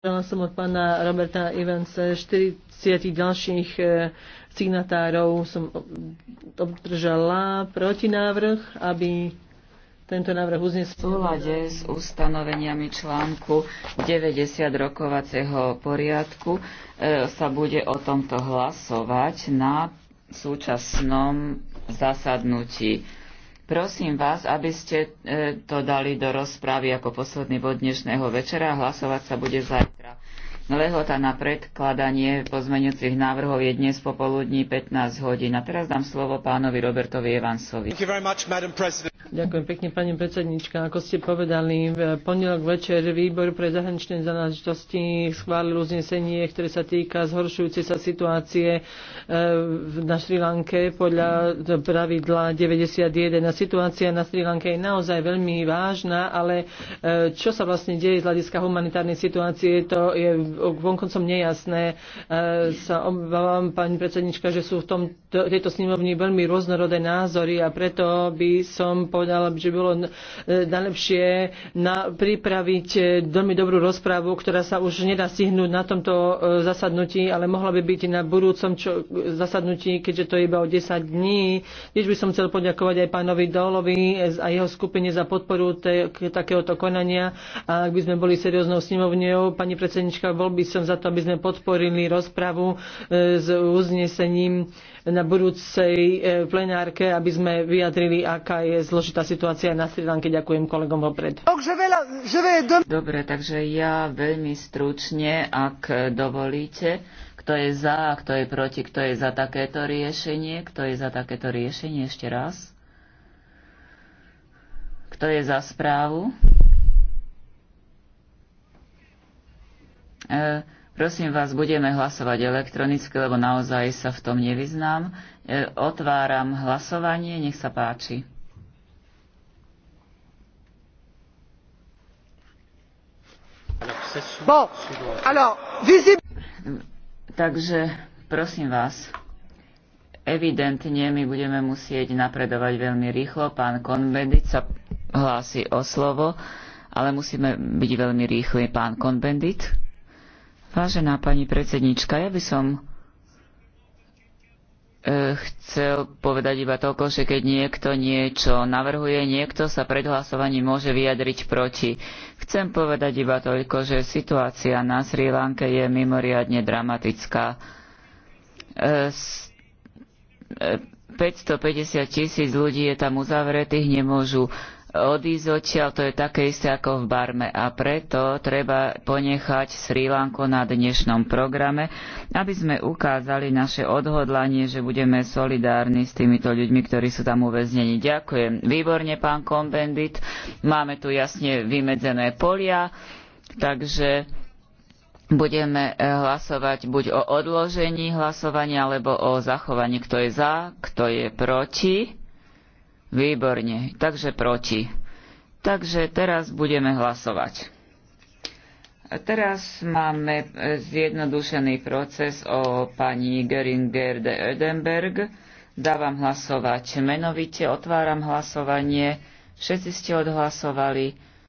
Dostala som od pána Roberta Ivance 40 ďalších e, signatárov som obdržala protinávrh, aby tento návrh uznesol. V súlade s ustanoveniami článku 90 rokovacieho poriadku e, sa bude o tomto hlasovať na súčasnom zasadnutí. Prosím vás, aby ste e, to dali do rozprávy ako posledný bod dnešného večera. Hlasovať sa bude zajtra. Lehota na predkladanie pozmeňujúcich návrhov je dnes popoludní 15 hodín. A teraz dám slovo pánovi Robertovi Evansovi. Ďakujem pekne, pani predsednička. Ako ste povedali, v pondelok večer výbor pre zahraničné záležitosti schválil uznesenie, ktoré sa týka zhoršujúcej sa situácie e, na Sri Lanke podľa pravidla 91. A situácia na Sri Lanke je naozaj veľmi vážna, ale e, čo sa vlastne deje z hľadiska humanitárnej situácie, to je vonkoncom nejasné. E, sa obávam, pani predsednička, že sú v tom, tejto snimovni veľmi rôznorodé názory a preto by som po povedala, že bolo e, najlepšie na, pripraviť e, veľmi dobrú rozprávu, ktorá sa už nedá stihnúť na tomto e, zasadnutí, ale mohla by byť na budúcom čo, zasadnutí, keďže to je iba o 10 dní. Tiež by som chcel poďakovať aj pánovi Dolovi a jeho skupine za podporu te, takéhoto konania. A ak by sme boli serióznou snimovňou, pani predsednička, bol by som za to, aby sme podporili rozpravu s uznesením na budúcej plenárke, aby sme vyjadrili, aká je zložitá tá situácia na Sri Lanke. Ďakujem kolegom vopred. Dobre, takže ja veľmi stručne, ak dovolíte, kto je za, kto je proti, kto je za takéto riešenie, kto je za takéto riešenie ešte raz. Kto je za správu? E, prosím vás, budeme hlasovať elektronicky, lebo naozaj sa v tom nevyznám. E, otváram hlasovanie, nech sa páči. Takže prosím vás, evidentne my budeme musieť napredovať veľmi rýchlo. Pán Konbendit sa hlási o slovo, ale musíme byť veľmi rýchli. Pán Konbendit. Vážená pani predsednička, ja by som E, chcel povedať iba toľko, že keď niekto niečo navrhuje, niekto sa pred hlasovaním môže vyjadriť proti. Chcem povedať iba toľko, že situácia na Sri Lanke je mimoriadne dramatická. 550 e, e, tisíc ľudí je tam uzavretých, nemôžu odísť odtiaľ, to je také isté ako v Barme a preto treba ponechať Sri Lanku na dnešnom programe, aby sme ukázali naše odhodlanie, že budeme solidárni s týmito ľuďmi, ktorí sú tam uväznení. Ďakujem. Výborne, pán Kombendit. Máme tu jasne vymedzené polia, takže budeme eh, hlasovať buď o odložení hlasovania, alebo o zachovaní, kto je za, kto je proti. Výborne, takže proti. Takže teraz budeme hlasovať. A teraz máme e, zjednodušený proces o pani Geringer de Oedenberg. Dávam hlasovať menovite, otváram hlasovanie. Všetci ste odhlasovali.